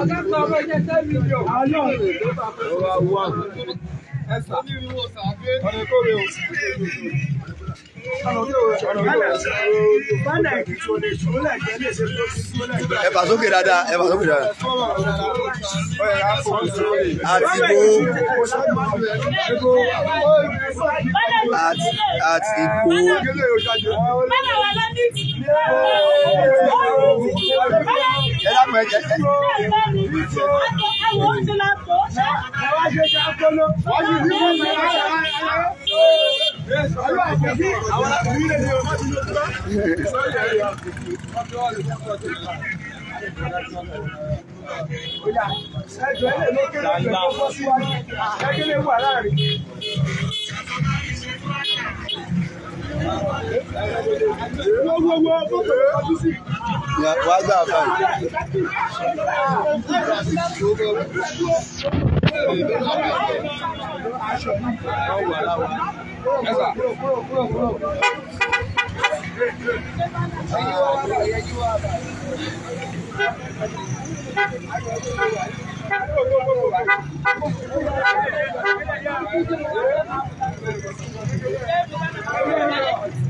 ẹ fà sókè dáadáa ẹ fà sókè dáadáa. àti bo àti bo. bẹ́ẹ̀ ni wà lọ́dún ẹ dákun ẹ jẹ ẹ. ẹwọ ń ti la tó. ẹ wá ṣe ṣe akóló. wọ́n ti fi wọ́n ṣe ṣe àwọn àkọsí àwọn àkọsí lè ní o. Ẹjọ́ ẹ lè lókè lókè tó fọ́ síwájú. Ẹgbẹ́ lè wà láàrin wá gbà báyìí. Thank you.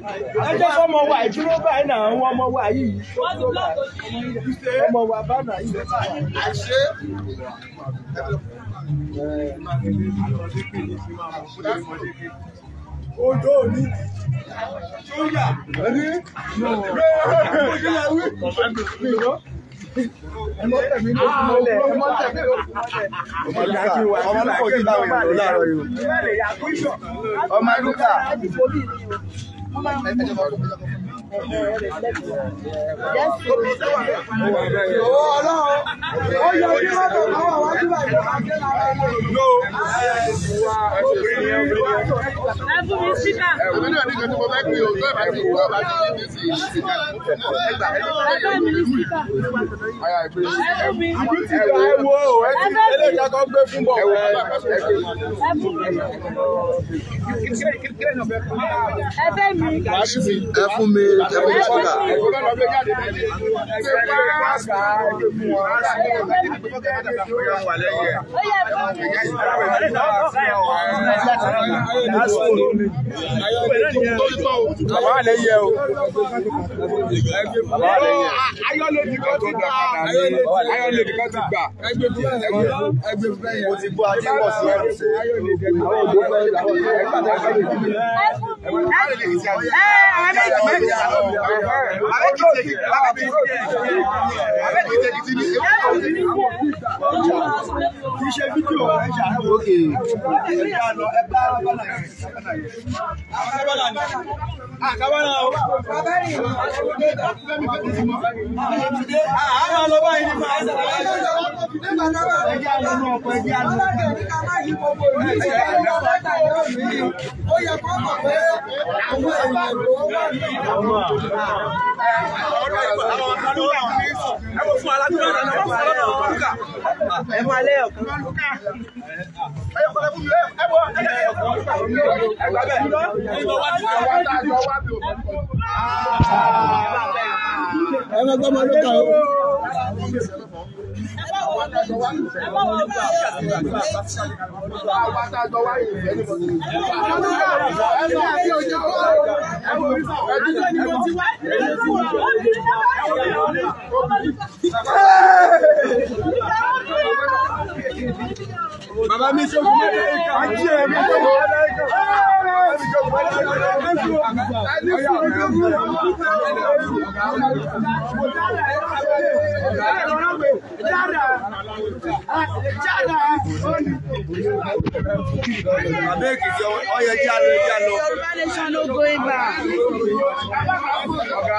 ẹ jẹ́ kọ́ ọmọ wa ìdúró báyìí náà àwọn ọmọ wa yìí ọmọ wa bá náà yìí. Odo ni soya ni ọmọ Luka ọmọ Luka. 好吗？Jésù mi ẹgbẹ́ kọ́dà ẹgbẹ́ lọ́gbẹ́ jáde lẹ́yìn ẹgbẹ́ pàṣẹ ẹgbẹ́ fún wọn láti ẹgbẹ́ ẹgbẹ́ ẹgbẹ́ wà lẹ́yìn ẹ̀ ẹgbẹ́ ìgbà wẹ̀ bàbá àlẹ yẹ o bàbá àlẹ yẹ ayọ̀lẹ̀dì kan ti gbà ayọ̀lẹ̀dì kan ti gbà ẹgbẹ́ fún ẹgbẹ́ fún ẹyẹ o ti gbọ́ ajé pọ̀ sí ẹrù sí àwọn ògbó àwọn ọlọ́ba yìí máa ń sọ̀rọ̀ ẹ̀jẹ̀ àlọ́nà ọ̀pọ̀ ẹ̀jẹ̀ àlọ́nà ó yẹ kó mọ̀ pé àwọn èèyàn ló wà ní ìdààmú. Ẹ máa lé ọ̀kan. Ẹ máa lé ọ̀kan ẹ bá gbọ́mọ ló kà ó. Hey! Bàbá mi ṣe fún mi àjí ẹ̀ mi ṣe fún Abẹ́kìtì ọyẹ jẹ́ àlọ́ ẹ̀jẹ̀ àlọ́. Yorùbá nation no go in back. Ọ̀gá.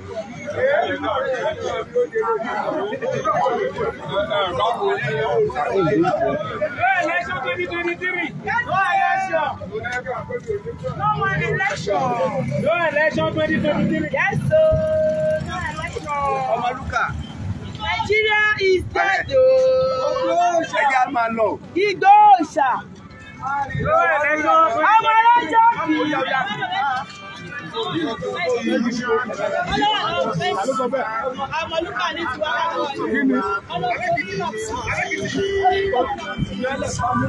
No election 2023. No election. No more election. No election 2023. Yes, sir. No election. Ọmọlúkà. Nigeria is dead. Oh. Igbó òòṣà. No election. No election. Ọmọ ọlọ́jọ́ kìí. Amọ̀lúkà ní tiwa lábọ̀ ọ̀yọ́. Ọlọ́run ní ìlú ìṣe ni wọ́n tó wà. Ọlọ́run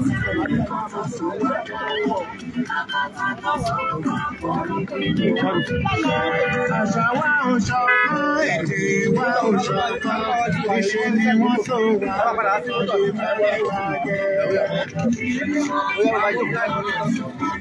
ní ìlú Àṣà wa ò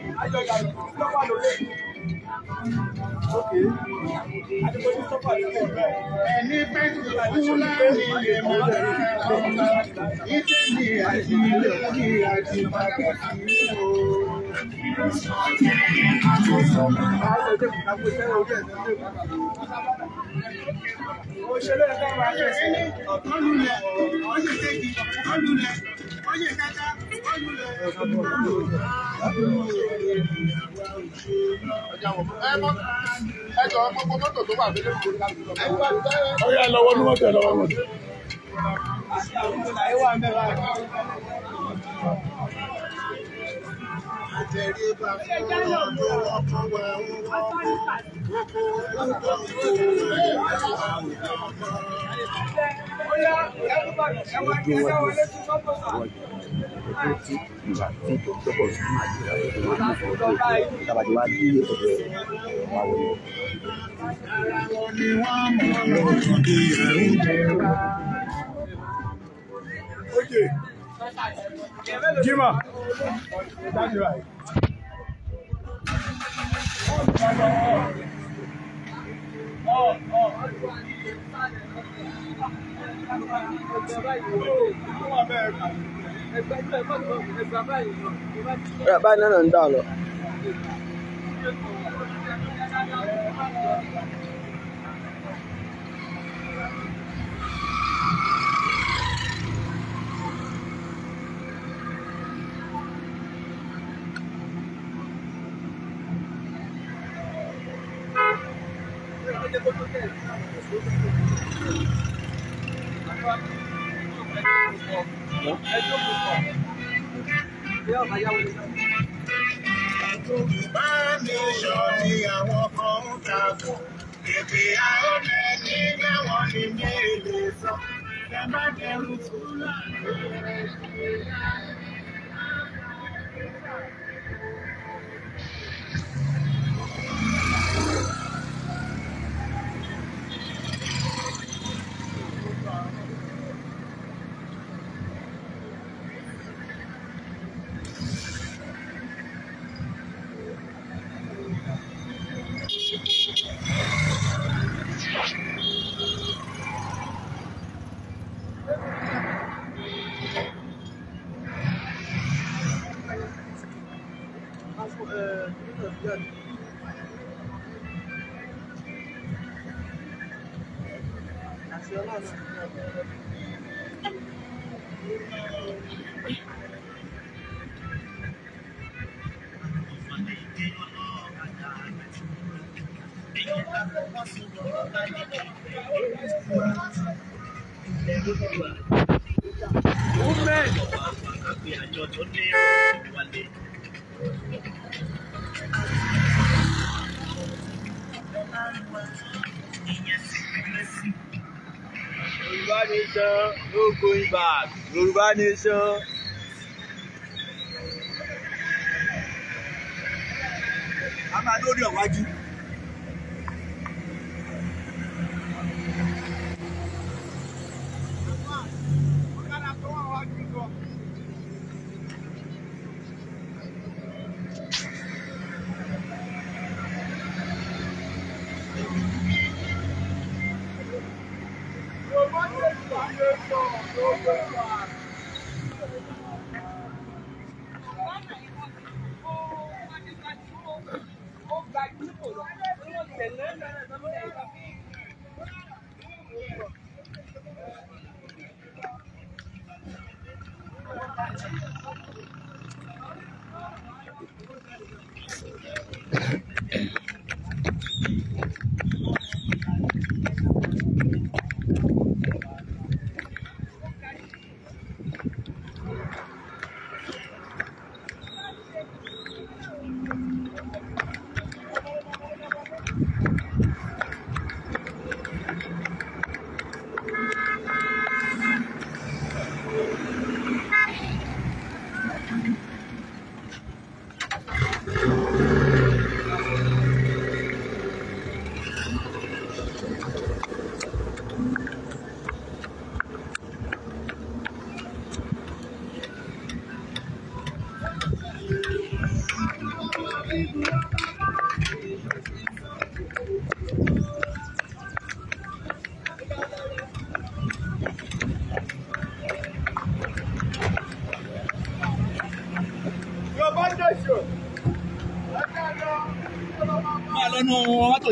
Ẹni fẹ́ Fúlàní lè mọ ìtẹ̀lé àti ìlọ́kì àti pàtàkì o. Òṣèlú ẹ̀ka wà lẹ́sẹ̀ ọ̀kan lulẹ̀, ọ̀yẹ̀ kẹta, ọ̀lulẹ̀, ọ̀yẹ̀ kẹta, ọ̀lulẹ̀ ọ̀yà Thank you tó ti ìgbà tí tó tọ́pọ̀ sí máa di ìgbà tó máa ní ìfọwọ́ tó tàbàtì wá dí ọ̀dọ̀ ẹ̀ wá wọlé. Jima, that's right. Oh, oh, oh báyìí náà ń dà lọ. Yorùbá nation ni àwọn kan ń takò. Èdè àọ́lẹ̀ ní káwọn ní ní èdè sọ. Ẹ má dẹrù Fúlàní. Yorùbá nation. a máa lórí ọ̀wájú.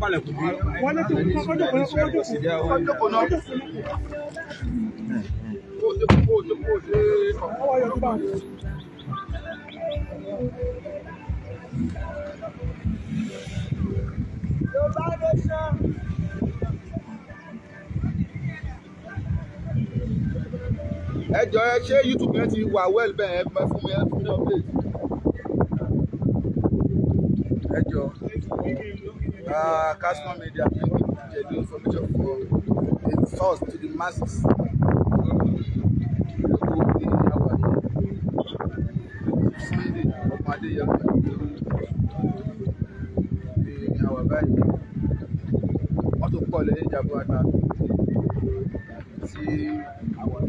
palẹ̀kùn bí wọ́n ní ẹ jọ ẹ ṣé youtube yẹn ti wà well bẹ́ẹ̀ ẹ máa fún mi ẹ fún mi update ẹ jọ uh, Custom Media bring Ijedu information for the source to the masses. Sunday ọmọ Adéyẹmọ ìrìn àwà báyìí wọ́n tún pọ̀ lẹ́yìn ìjàmbá àgbà tí àwọn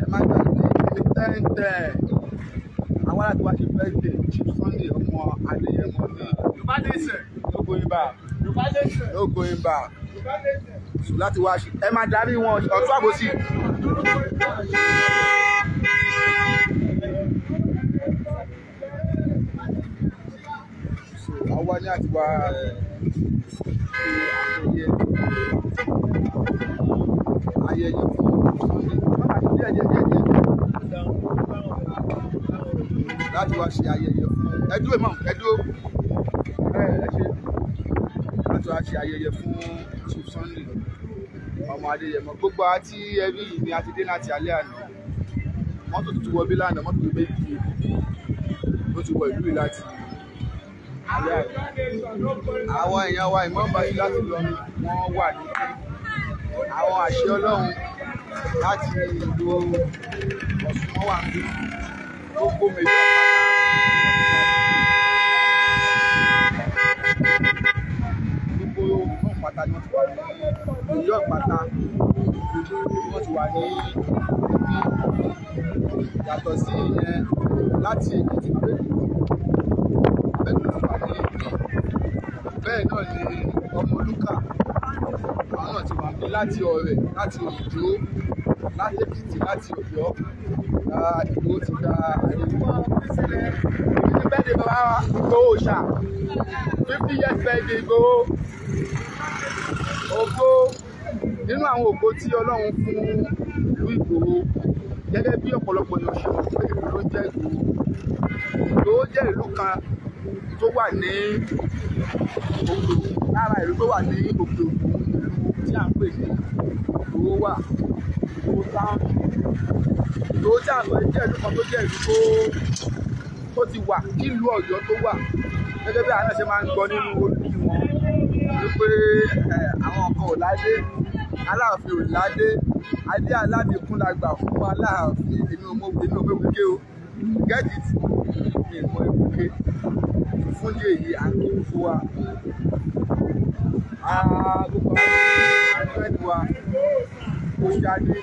ẹ má gbàgbé tẹ́ntẹ́n àwọn aláàtúwáṣe dé Chief Sunday ọmọ Adéyẹmọ ní. No going back. Yorùbá No going back. Yorùbá nation. Sùn láti wá ṣe. Ẹ máa darí wọn ọ̀tún àbòsí. Àwa ní àtiwá ayẹyẹ ayẹyẹ láti wá ṣe ayẹyẹ fún ẹ dúró ẹ mọ ẹ dúró ẹ ṣe wọn tún á ṣe ayẹyẹ fún Chief Sunday ọmọ Adéyẹmọ gbogbo àti ẹbí yìí ni a ti dé láti alẹ́ àná mọ́tò tuntun wọ bí lánàá mọ́tò tó méjì ló ti wọ ìlú yìí láti alẹ́ àná àwọn èèyàn wa ìmọ̀ọ́ba yìí láti lọ wọ́n wà ní àwọn àṣẹ Ọlọ́run láti ìlú Ọ̀ṣun wọ́n wà ní gbogbo mẹ́jọ pátá ni wọ́n ti wà ní New York pátá ìlú wọ́n ti wà ní yàtọ̀ sí ìyẹn láti Èkìtì pé Abẹ́òkúta wà ní ìlú bẹ́ẹ̀ náà ni Ọmọlúkà àwọn náà ti wà ní láti Ọ̀rẹ́ láti Òǹdó láti Èkìtì láti Ọ̀yọ́ ìlú ti gba àyẹ̀wò ìbẹ́ẹ̀ni bàbá Ìgbòho ṣá fifty years bẹ́ẹ̀ ni Ìgbòho ògo nínú àwọn ògo tí Ọlọ́run fún ìlú Ìgbòho gẹ́gẹ́ bí ọ̀pọ̀lọpọ̀ èèyàn ṣe mọ̀ pé ìlú ló ń jẹ́ ìlú Ìgbòho jẹ́ ìlú kan tó wà ní òkè lára ìlú tó wà ní òkè òkun ìlú tí à ń pè ní Ìgbòho wà Ìgbòho táwọn Ìgbòho tí à ń jẹ́ ìlú kan tó jẹ́ ìlú tó tó ti wà nílùú Ọ̀yọ́ tó wà gẹ́gẹ́ bí àwọn ẹ̀ṣẹ̀ máa ń gbọ́ nínú olùdíje wọn wípé ọmọ ọ̀ládé aláàfin ọ̀ládé adé alábìkún la gbà fún aláàfin inú ọmọ inú ọmọ ewúké o gẹ́gì tí mi mọ ewúké fún yé èyí à ń kí fún wa. gbogbo àwọn akẹ́kọ̀ọ́ wa kò jáde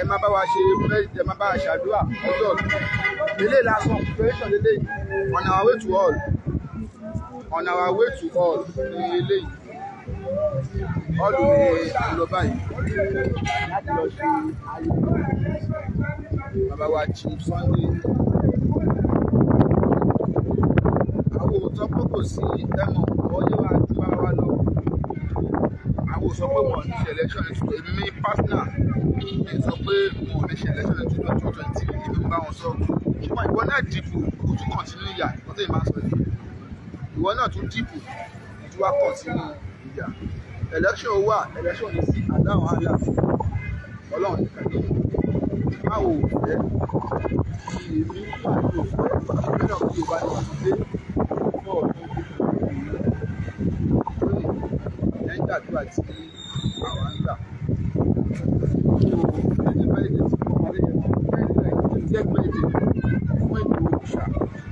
ẹ máa bá wa ṣe ẹ máa bá wa ṣàdúrà ọjọ́ ìlú eléyìí lásán pé ṣọ̀lélẹ́yìn on our way to all on our way to hall ní eléyìí hall ní à ń lọ báyìí láti lọ ṣe ayẹyẹ bàbá wa Chief Sunday àwọn òótọ́ pé kò sí ẹ̀mọ̀ ọyẹ́ wa ju ara wa lọ àwọn sọ pé wọn ní ṣe election èmi partner mi sọ pé wọn ò ní ṣe election two thousand twenty èmi ń bá wọn sọ ṣùgbọ́n ìwọ náà dìbò kò tún kàn sí níyà wọ́n tẹ̀lé yìí ìwọ náà tún dìbò ìjú wa pọ̀ sínú ìyà election wà election ní sí aláwọ̀ àyà ọlọ́run nìkan ní báwo ò fẹ́ èmi wà ní òfẹ́ ìgbàlódé náà kí o bá ní ìdílé fún ọ̀dọ́ ìdílé ẹ̀yìn àdúrà tí àwọn ń gbà. Thank you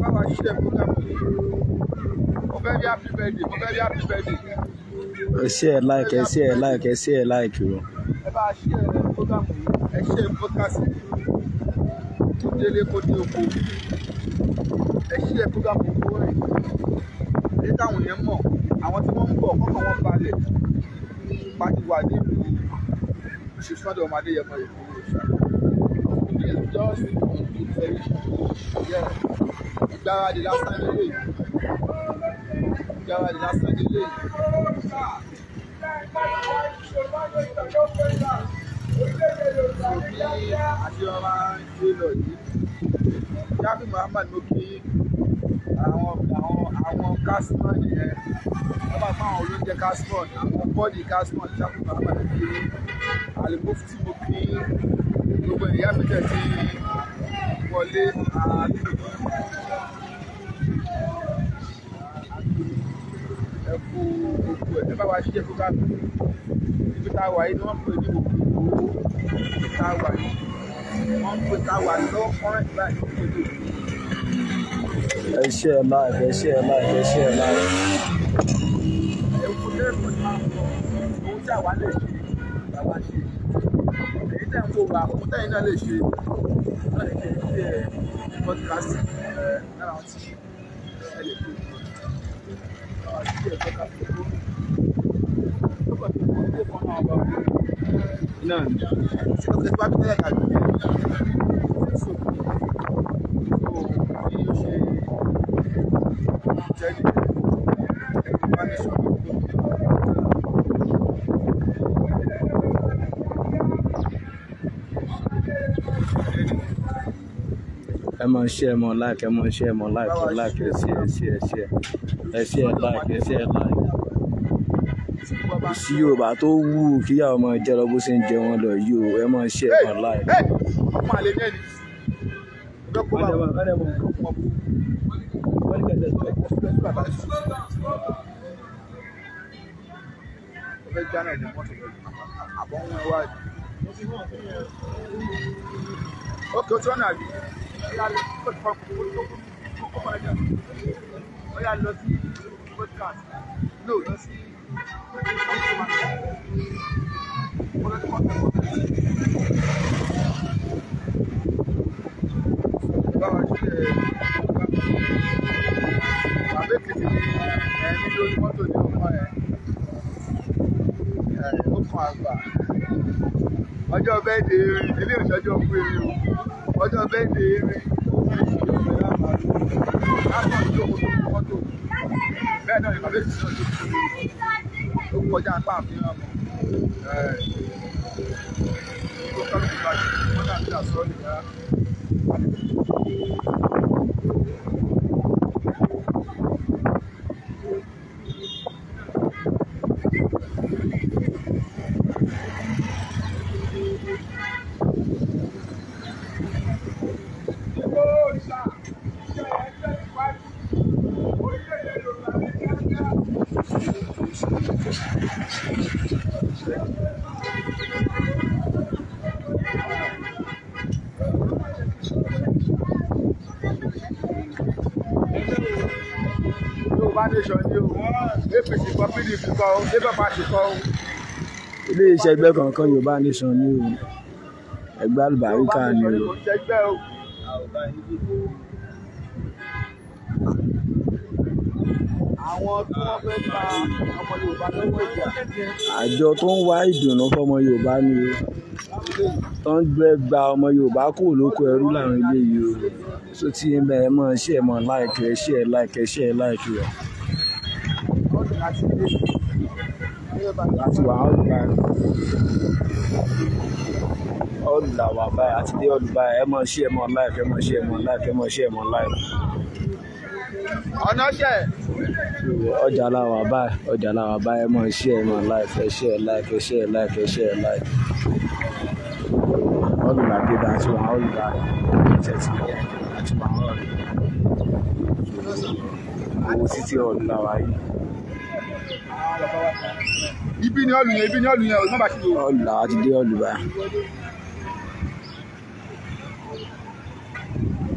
bá wa show them program today happy birthday mo fẹ́ happy birthday. ẹ ṣe ẹ like ẹ ṣe ẹ like ẹ ṣe ẹ like o. ẹ bá a ṣe ẹ program yìí ẹ ṣe podcast yìí kí délé kó dé oko ẹ ṣe ẹ program yìí kó rẹ èyí táwọn yẹn mọ̀ àwọn tí wọ́n ń bọ̀ kọ́kọ́ wọn balẹ̀ pàtó wà nílùú ìṣèṣọ́dọ̀ ọmọdé yẹn mọ̀ yẹn kúrò ṣáà. Yes, just on the television. Yeah ìgbáradì lásán lélẹ̀ yìí ìgbáradì lásán lélẹ̀ yìí. Òbí Adéọba gbé lọ yìí. Jáfí Muhammad ló kí àwọn àwọn àwọn kásímọ̀ nìyẹn. Wọ́n bá fún àwọn olóúnjẹ kásímọ̀ àwọn bọ́ọ̀dì kásímọ̀ ní Jáfí Muhammad ló kí. Àlùmọ́fù tí mo kí gbogbo ìyá mi tẹ̀ sí wọlé àdúgbò. bá wa ṣiṣẹ́ tó bá mi ibi tá a wà yìí ni wọ́n pè ní òkòkò ibi tá a wà yìí wọ́n pè tá a wà lọ kọ́rẹ́ ìgbà yìí pé tó. ẹ ṣe ẹ máa ẹ ṣe ẹ máa ẹ ṣe ẹ máa. èkó lẹ́kọ̀ọ́ ni ohun tí àwa lè ṣe làwa ṣe èyí tẹ̀ ń wò wá ohun tẹ̀yìn náà lè ṣe náà eh, lè ṣe ṣe ẹ̀ náà ti ẹ lè tó náà ni ṣé kò tẹ̀síwá bí tẹ́lẹ̀ kàlù ẹ mọ ṣe ẹ mọ láàkì ẹ mọ ṣe ẹ mọ láàkì láàkì ẹ ṣe ẹ ṣe ẹ ṣe ẹ ṣe ẹ ṣe ẹ láàkì kò sí yorùbá tó wù kíyà ọmọ jẹ lọ bó ṣe ń jẹ wọn lọ yìí o ẹ máa ṣe ẹ̀kan láì. Okay, what's wrong with you? ó yà lọ sí podcast no lọ sí ọjọ́ bẹ́ẹ̀ dé eré ilé ìṣọ́jọ́ fún eré o ọjọ́ bẹ́ẹ̀ dé eré láti ọjọ́ òkú mọ́tò bẹ́ẹ̀ náà ìbàdàn ìṣọ́jọ́ fún eré ó kọjá apá àfihàn mọ́ ìgbókàlùkù báyìí wọ́n náà ti àsọ́ọ̀lì rárá. ilé iṣẹ́ ẹgbẹ́ kankan Yorùbá Nation ni o ẹgbẹ́ àlùbáríkà ni o. àjọ tó ń wá ìdùnnú fọmọ Yorùbá ni o tó ń gbẹ gba ọmọ Yorùbá kò lóko ẹrú làwọn eléyìí o tó ti ń bẹ ẹ mọ ṣe ẹ mọ láìkẹ ṣe ẹ láìkẹ ṣe ẹ láìkẹ láti wà ọlùbáyà ọlùlàwà báyà àti dé ọlùbáyà ẹ mọ ṣí ẹ mọ láìpẹ ẹ mọ ṣí ẹ mọ láìpẹ ẹ mọ ṣí ẹ mọ láìpẹ. ọ̀nà ṣẹ̀. ọjà làwà báyà ọjà làwà báyà ẹ mọ ṣí ẹ mọ láìpẹ ṣí ẹ láìpẹ ṣí ẹ láìpẹ ṣí ẹ láìpẹ. ọlùlàgbẹ̀dà àti wà ọlùbáyà ṣẹ̀tì àti wà ọlùbáyà. owó títí ọ̀lùlàwà yìí ibi ni ọlù yẹn ibi ni ọlù yẹn ọdún bá ti lò. ọlù ti dé ọlù báyìí.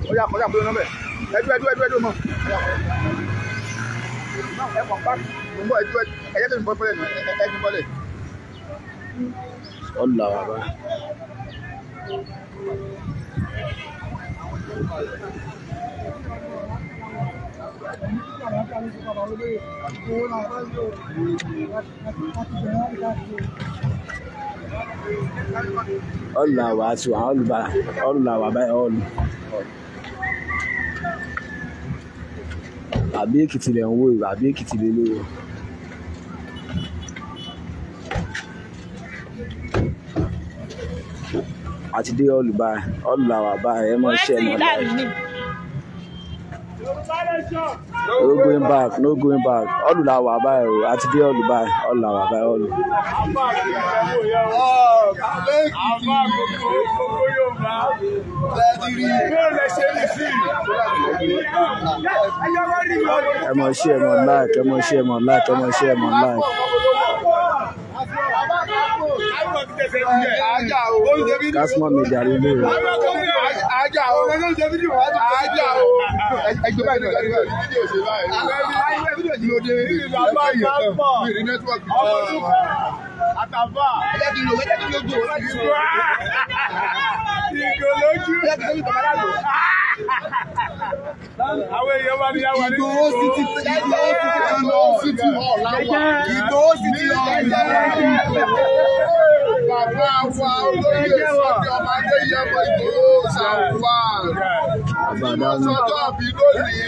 ó yà kọjá pé nọmbẹ ẹdú ẹdú ẹdú ẹdú mọ ẹ kọ ń bọ ẹdú ẹdú ẹyẹ tó ń bọ bọlẹ bá. Thank you all na wa ti wa all ba all na wa by all. àbí èkìtì lè ń wo ìwà àbí èkìtì lè lówó. àti dé all ba all na wa by ẹ mọ iṣẹ́ no going back no going back ọlù la wà báyìí o àti dé ọlù báyìí ọlù la wà báyìí ọlù. ẹ mọ̀ ṣe ẹ mọ̀ like ẹ mọ̀ ṣe ẹ mọ̀ like ẹ mọ̀ ṣe ẹ mọ̀ like. kásímọ̀ mi jàre lé o ajá o ajá o ẹgbẹ́ báyìí náà ẹgbẹ́ fídíò ṣe báyìí ẹgbẹ́ fídíò ṣe lóde nílùú àbáyé náà mi rí nẹ́tíwọ́ọ̀kì náà àtàbà ìgòlójú àwọn èèyàn wà ní àwọn ní Ìgbòho sì ti Ìgbòho sì ti Ìgbòho sì ti Ìgbòho sì ti Ìgbòho sì ti bàbá wa olóyè Sunday ọmọ Adéyẹmọ Ìgbòho ṣàǹfààní ìmọ̀sọ́jọ́ àbí lónìí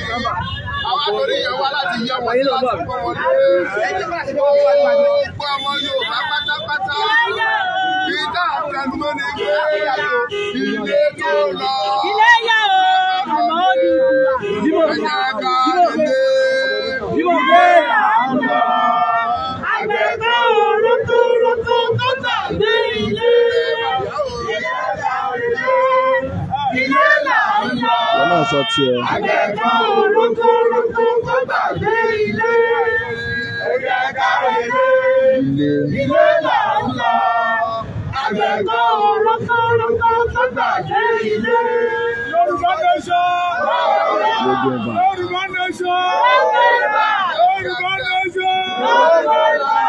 àwọn àtòrí yẹn wá láti yẹ wọn láti kọ́ wọn lé gbogbo ọmọ Yorùbá pátápátá ìdá àtẹnumọ́ ni pé ilé tó lọ ilé yà ó àmọ́ ó ní ìdíbò. wọn náà sọ tiẹ̀. àjẹkọ olúkúlùkù tó gbàgbé ilé ẹgbẹ́ kára ilé ilé là ń lọ. àjẹkọ olúkúlùkù tó gbàgbé ilé. Yorùbá nation. Yorùbá nation. Yorùbá nation. Yorùbá nation.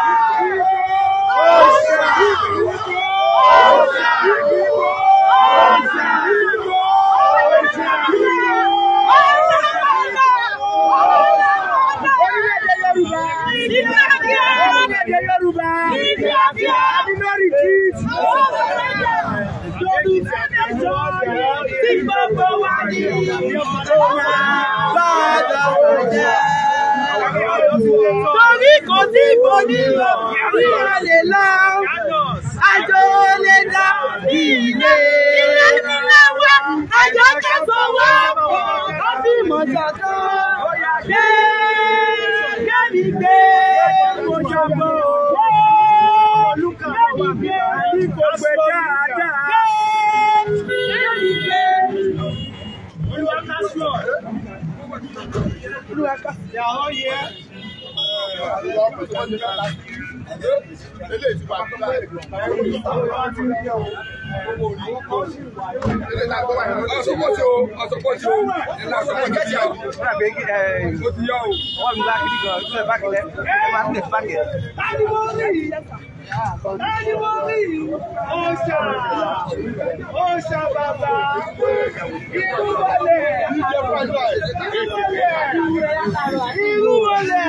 onílò tí a lè lọ. Àjọ lè dá ilé. Ilé nílé wa, àjọ kẹsàn wá pọ̀, ó fi mọ̀ ṣàtọ́. Gbé Kẹ́mi gbé mo jọ̀bọ̀. Kẹ́mi gbé kò pẹ̀ dáadáa. Kẹ́mi gbé. Olúwa Thank you eléyìí ti wà nípa ọsọpọtì o ọsọpọtì o ẹnlá ọsọpọtì ti yà o. o ti yà o. ọwọ́ mi bá kiri gan ọdún ẹ̀ bá kẹlẹ́ ẹ̀ bá tẹ̀ bá kẹ. Ẹni mo rí ọ̀ṣà ọ̀ṣà bàbá irú wọlé irú wọlé irú wọlé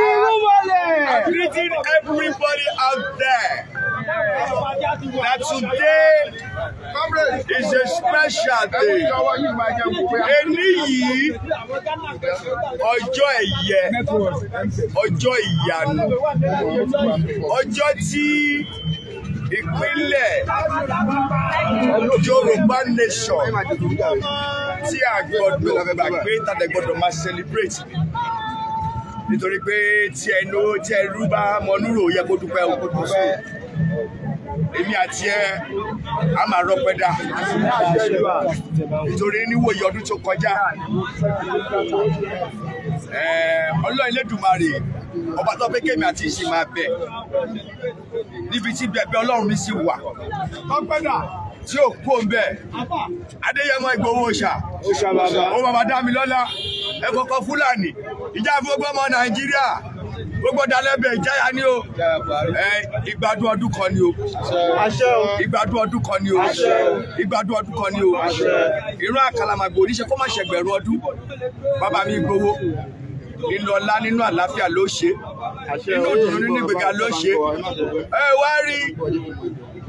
irú I'm greeting everybody out there that today is a special day. Ẹni yìí ọjọ́ ẹ̀yẹ, ọjọ́ ìyanu, ọjọ́ tí ìpínlẹ̀ Yorùbá nation tí a gbọ́dọ̀ gbé tàdé gbọ́dọ̀ máa celebrate nítorí pé tí ẹnu tí ẹrú bá mọnúrò yẹ kó dúpẹ́ o èmi àti ẹ a máa rọpẹdà nítorí níwòye ọdún tó kọjá ọlọ́run lẹ́dùnmarè ọba tó pé kémi àti ìṣìn máa bẹ̀ níbi tí bẹ̀bẹ̀ ọlọ́run mi sì wà rọpẹdà tí ò kú òun bẹ́ẹ̀ adéyẹmọ ìgbòho òòṣà òun bàbá dámilọ́lá ẹ̀kọ́kọ́ fúlàní ìjà gbogbo ọmọ nàìjíríà gbogbo dalẹ́bẹ̀ ìjáyà ni o ìgbádùn ọdún kan ni o ìgbádùn ọdún kan ni o ìgbádùn ọdún kan ni o ìran àkàlàmàgbò oníṣẹ́ kó má ṣẹgbẹ̀rún ọdún bàbá mi gbowó nínú ọlá nínú àlàáfíà ló ṣe nínú òdùnnú nínú ìgbéga ló ṣe ẹ wá rí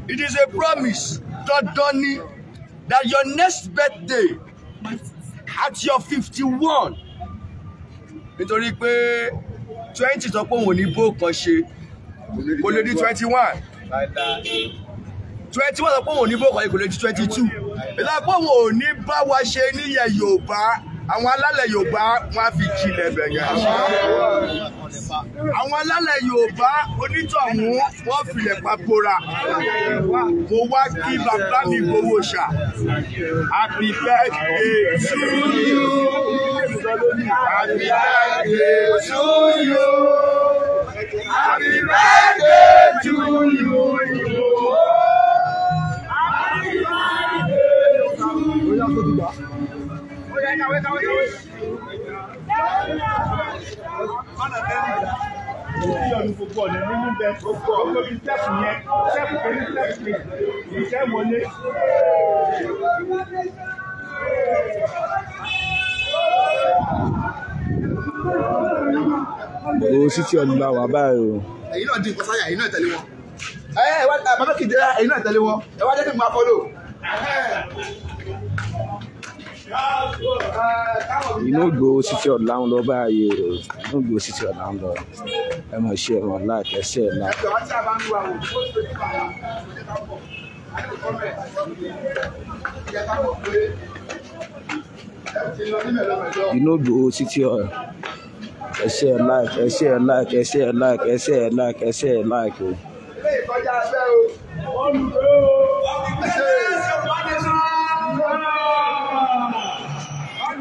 it is a promise dandan ni that your next birthday at your fifty one nítorí pé twenty sọ pé òun ò ní bó kan ṣe kò lè di twenty one twenty one sọ pé òun ò ní bó kan ṣe kò lè di twenty two ìlànà pé òun ò ní bá ṣe níyẹn Yorùbá àwọn alálẹ̀ Yorùbá wọn á fi jilẹ̀ bẹ̀yẹ̀ àwọn alálẹ̀ Yorùbá onítọ̀hún wọ́n filẹ̀ papòrà mo wá kí bàbá mi gbowó ṣà happy birthday to you happy birthday to you happy birthday to you ìyọnu gbogbo ọ̀nà nínú bẹ gbogbo orí sẹ́ẹ̀pù yẹn sẹ́ẹ̀pù kẹ́ni sẹ́ẹ̀pù kejì ìṣẹ́ wọlé. o sì ti ọ̀nà wà báyìí o. èyí náà di nǹkan sáyà èyí náà tẹ̀lé wọn. ẹ ẹ bàbá kìdíra èyí náà tẹ̀lé wọn ẹ wá jẹ́ kí n máa fọ́lọ̀. Inúgbò City of Ọ̀la ń lọ báyìí o Inúgbò City of Ọ̀la ń lọ ẹ mọ̀ ṣe ẹ̀rọ ọ̀la kẹsẹ̀ ẹ̀ la. Inúgbò City of ẹsẹ̀ ẹ̀ like ẹsẹ̀ ẹ̀ like ẹsẹ̀ ẹ̀ like ẹsẹ̀ ẹ̀ like ẹsẹ̀ ẹ̀ like o.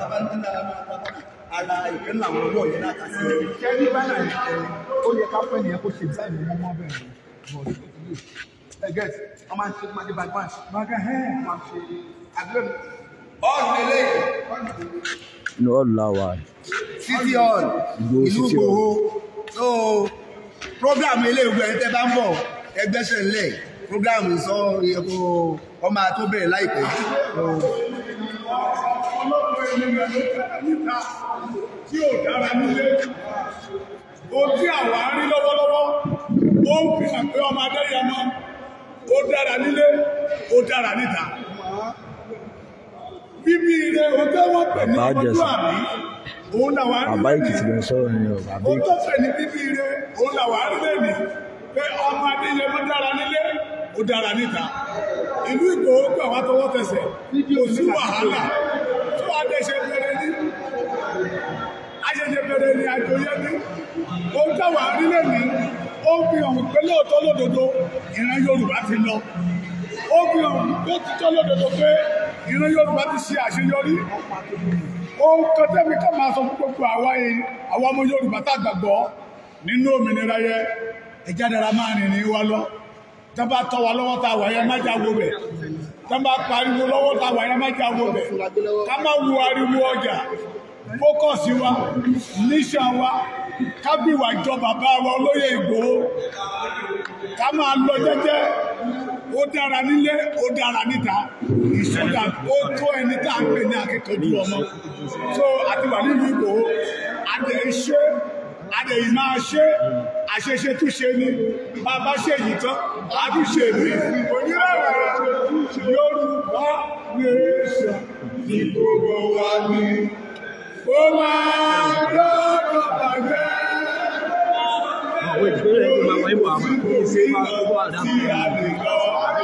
tàbá ní tàbá ara ìpín làwọn owó yẹn náà kà sí. ṣé ní bánà ó yẹ ká fẹ́ nìyẹn kó ṣe design ní mọ́ bẹ́ẹ̀ ni ẹgẹ́ wọ́n máa ń ṣe máa ń ṣe backman máa ń ṣe àdúrà ọ̀n lélẹ̀ inú ọ̀n la wà. city hall ìlú gbòho so program eléyìí ẹni tẹ́ bá ń bọ̀ ẹgbẹ́sẹ̀ ńlẹ̀ program sọ ẹ̀kọ́ ọmọ àtọ́bẹ̀rẹ̀ láìpẹ́ onígbà ló dára níta tí ò dára nílé. Ohun tí àwa ń rí lọ́wọ́lọ́wọ́, ó ń fi hàn pé ọmọ Adéyẹmọ, ó dára nílé, ó dára níta. Bíbí ire ọjọ́ wọn pè ní ọjọ́ àbí, òun làwa ń rí lẹ́nu. Bàbá Èkìtì ló ń sọ̀rọ̀ ni o, bàbá Èkìtì. Ó tó pè ní bíbí ire, òun làwa ń lẹ́nu. Pé ọmọ Adéyẹmọ dára nílé, ó dára níta. Ìlú Ìgbòho pè wá tọwọ́ tẹsẹ̀, kò sí wàhálà adéṣe bẹ̀rẹ̀ ní àṣẹṣe bẹ̀rẹ̀ ní àjò yẹn ní ohun táwọn àrílẹ̀ ní ó fi hàn pé lóòótọ́ lódodo ìran Yorùbá ti lọ ó fi hàn pé títọ́ lódodo pé ìran Yorùbá ti ṣe àṣeyọrí ohun kan tẹ́mi ká máa sọ fún gbogbo àwa àwọn ọmọ Yorùbá tá gbàgbọ́ nínú òmìnira yẹ ẹ̀jáde ra máa rìnrìn wa lọ tẹ́ bá tọ́ wa lọ́wọ́ tá a wà yẹ má jáwó bẹ̀ tá bá pariwo lọ́wọ́ táwa ẹ̀rọ mẹ́ta wo bẹ̀ ká má wo ariwo ọjà fókọ̀sì wa níṣà wa kábíwà jọ bàbá wa olóyè Ìgbòho ká máa lọ jẹ́jẹ́ ó dára nílé ó dára níta ìṣọ́jà ó tó ẹni tá à ń pè ní akẹ́kọ̀ọ́jú ọmọ so a ti wà nínú Ìgbòho a dẹ̀ ń ṣe a dẹ̀ yìí máa ṣe àṣeṣe túnṣe ni bàbá ṣe yìí tán a tún ṣe mí onírẹ̀wẹ̀rẹ̀. Yorùbá nation tí gbogbo wa ní. Ó máa lọ́dọ̀ bàjẹ́. Àwọn ìgbésẹ̀ ìgbìmọ̀ àwọn ìbò àwọn ìgbésẹ̀ ìgbìmọ̀ àdàpọ̀.